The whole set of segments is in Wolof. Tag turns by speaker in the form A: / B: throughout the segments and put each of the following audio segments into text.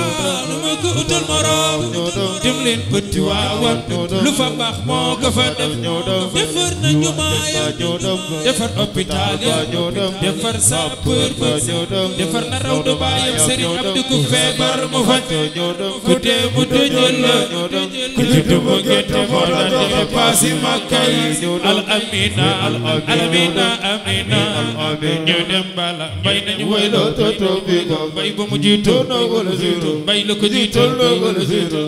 A: ma ko utal morom dem leen pëtti waawan lu fa baax moo ko fa def defar na jumaaya defar hôpital ya defar sapeur bës defar na raw du baayam sëriñ Abdu ku feebar mu bala bay nañu wayloo toto bay ba mu jiitu noo mbay la ko jiital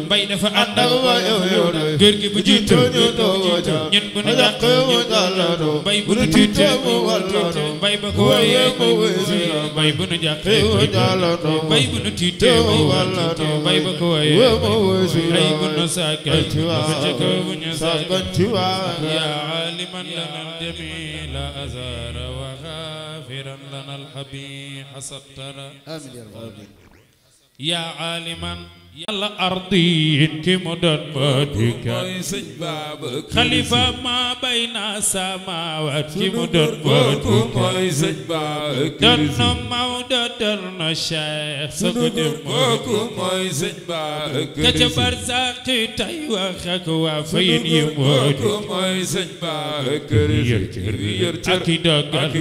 A: mbay dafa ànd ak góor gi bu jiital ñun bu ne dàq mbay bu nu jiital mbay ba ko wayee mbay bu nu jàq mbay bu nu jiital mbay ba ko wayee mbay bu nu sàggal dafa jëkk bu ñu sàggal yaa aliman lana aljamila azara wa xaafiran lana alxabi xasattara amin yaa aliman yàlla ardi ti mu doon bodika xalifa ma bayna samawaat ti mu doon bodika doon na Maodo doon mooy sëñ ba ka ca barzaq tay wax ak waa fayin yi moodu mooy sëñ ba yër cër ak i dogal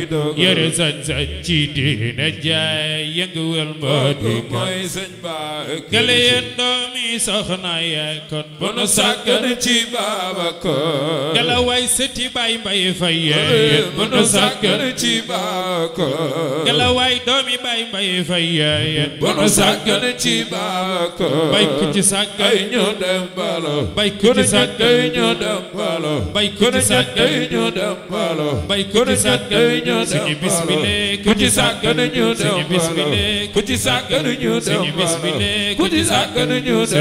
A: yëre sañ-sañ ci diine jaay yënguwal moodu mooy sëñ and yi soxna yaay kon bu nu sàggan ci baaba kon fay yaay bu nu sàggan ci baaba kon gala way doomi baay mbay fay yaay bu bay ku ci sàggan ñu dem bay ku ci sàggan ñu dem bay ku ci sàggan ñu dem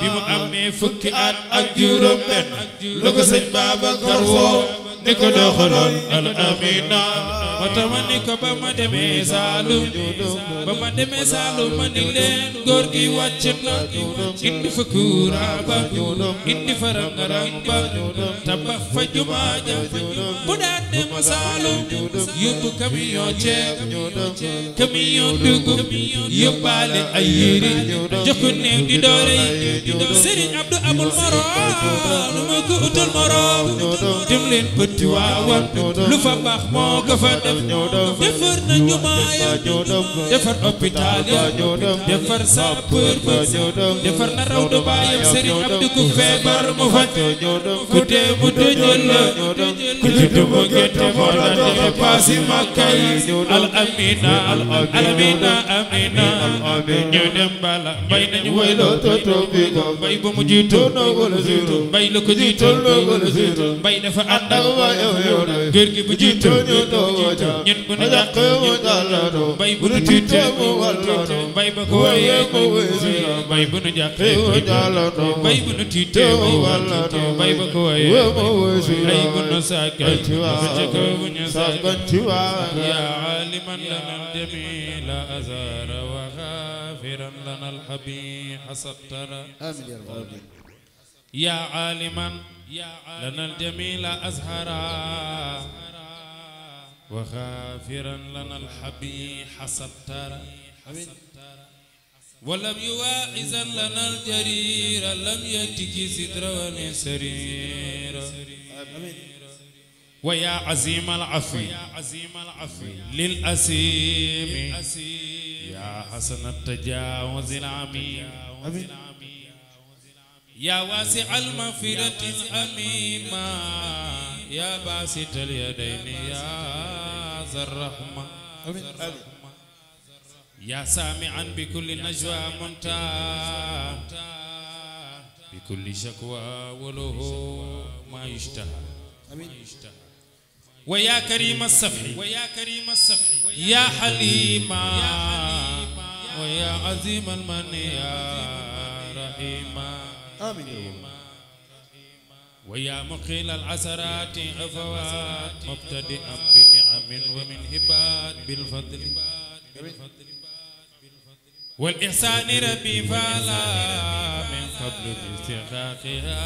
A: bi mu amee fukki at ak juróom benn lu ko sëñ Babacar woo ni ko doxaloon al amina watamani ko ba ma demee Saalum ba ma demee Saalum ma ni leen góor gi wàcc indi fa kuura ba indi fa rangarang ba tabax fa jumaa ja bu daan dem Saalum yóbbu camion ceeb camion dugub yóbbaale ay yére jox ko néew di doore yi Serigne Abdou amul moroom lu ma ko utal moroom dem leen bët Tiwaawan lu fa baax moo ko fa def defar na ñu maaya defar hôpital defar sapeur ba defar na raw da baayam Serigne Abdou ku feebar mu faj ku dee mu tëjal la ku juddu mu gëtt moo la dee paasi Makka yi al amina al amina amina ñu dem bala bay nañu way loo toto bi góor gi bu jiite ñun bu ne dàq bay bu nu tiite bay ba ko waaye bay bu nu jàq bay bu nu tiite bay ba ko waaye ay bu nu sàggal ba ca ko bu ñu sàggal yaa aliman lana jamila azara wa xaafiran lana alxabi xasattara yaa aliman لنا الجميل أزهرا وغافرا لنا الحبي حسبترا ولم يواعزا لنا الجرير لم يتك سترا سرير ويا عزيم العفو للأسيم يا حسن التجاوز العميم يا واسع المغفرة الأميمة يا باسط اليدين يا ذا الرحمة يا سامعا بكل نجوى منتا بكل شكوى وله ما يشتهى
B: ويا كريم الصفح ويا
A: كريم الصفح يا حليما ويا عظيم المن يا رحيما آمين ويا مقيل العسرات أفوات مبتدئا بنعم ومن هبات بالفضل
B: والإحسان ربي فعلا من
A: قبل باستحقاقها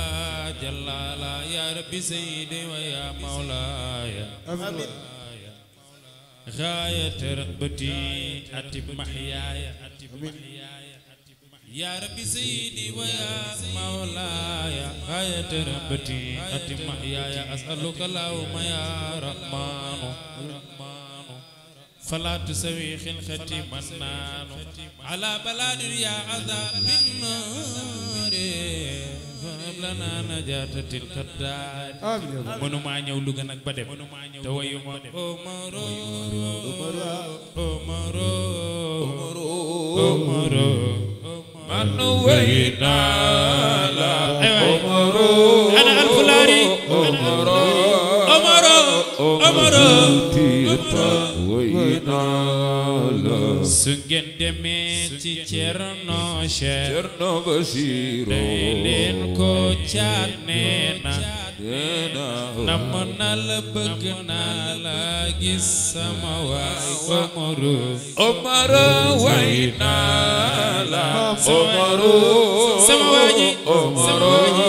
A: جلالا يا ربي سيدي ويا مولاي غاية رغبتي أتب محياي أتب محياي يا ربي سيدي ويا مولاي غاية رغبتي أنت محياي أسألك اللهم يا رحمن فلا تسوي خلقتي منان على بلاد يا عذاب النار لنا نجاة تلك الدار منو ما ñew lu gën ak ba dem te wayuma omaro omaro omaro omaro من وينا لا عمر أنا الفلاري عمر عمر عمر تيتا وينا لا سنجن دمي تيرنو شير تيرنو بشيرو لين كو تشانينا namm naa la bëgg naa la gis sama waay Omaru Omaru waay naa la Omaru sama waay ji sama waay ji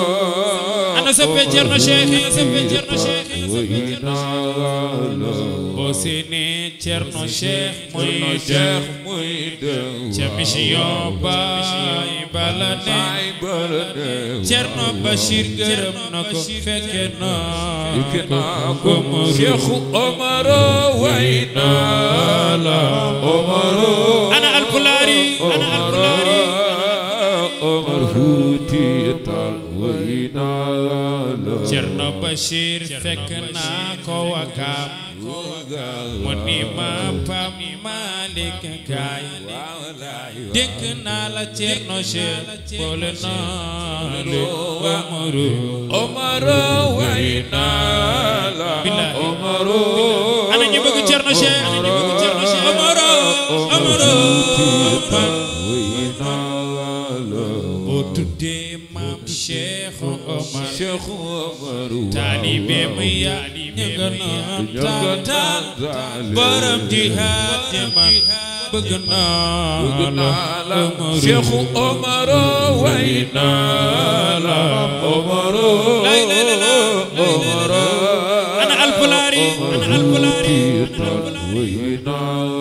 A: ana soppe Cerno Cheikh ana soppe Cerno Cheikh ana soppe Cerno Cheikh Cerno Cheikh muy def ca mission baay bala ne Cerno Bachir gërëm na ko fekke na ko mu Cheikh Omar way na la Omar ana al-Fulaari ana al-Fulaari Omar Fuuti Taal way na la Cerno Bachir fekk na ko wakaam mu ni ma pam naa la Cerno Cheikh boole naa le Omaro Omaro way naa la
B: Cheikh Omar
A: Cheikh Omar taalibeem ya ñëg na borom jihaad man bëgg naa la Cheikh Omar way naa la Omar Omar ana alfulaari ana alfulaari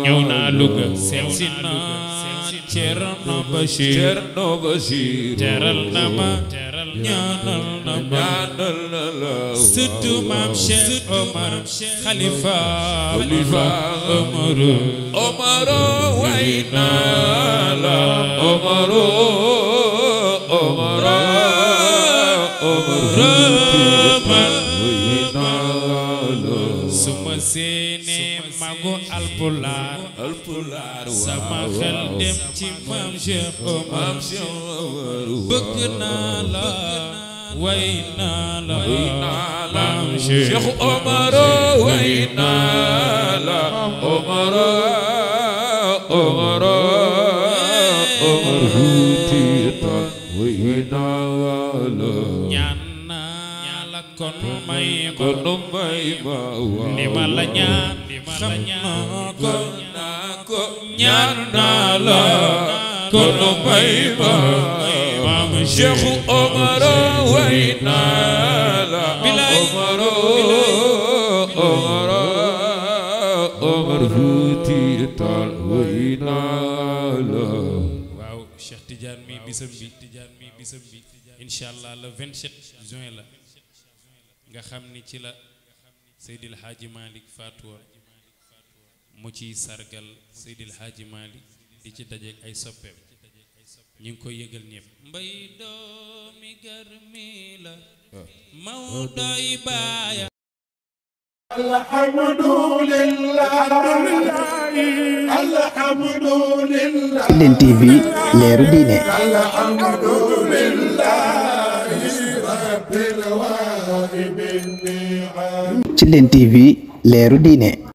A: ñëw naa Louga seetsi naa Cerno Bachir Cerno Bachir teral na ma ñaanal na ma
B: surtout maam Cheikh
A: Omar Khalifa Khalifa Omaro Omaro way naa la Omaro Omaro Omaro ko alpulaar
B: alpulaar sama xel dem
A: ci maam Cheikh Omar bëgg naa la way naa la maam Cheikh Omar way naa la Omar Omar Omar huuti ta way naa la kon may ko nu may ma waaw li ma la ñaan li ma la ñaan ko naa ko ñaan naa la ko nu may ma maam Cheikhu Omaro way naa la Omaro Omaro Omar Fuuti Taal way naa la waaw Cheikh Tidiane mi bisam bi Tidiane mi bisam bi incha allah le 27 juin la nga xam ni ci la Seydil Hadji Malick faatuwa mu ciy sargal Seydil Hadji Malick di ci dajeek ay soppeem ñu ngi koy yëgal ñëpp mbay doomi garmi la ah. maw doy baaya alhamdulillah Tilène TV leeru diine ci Lene TV leeru diine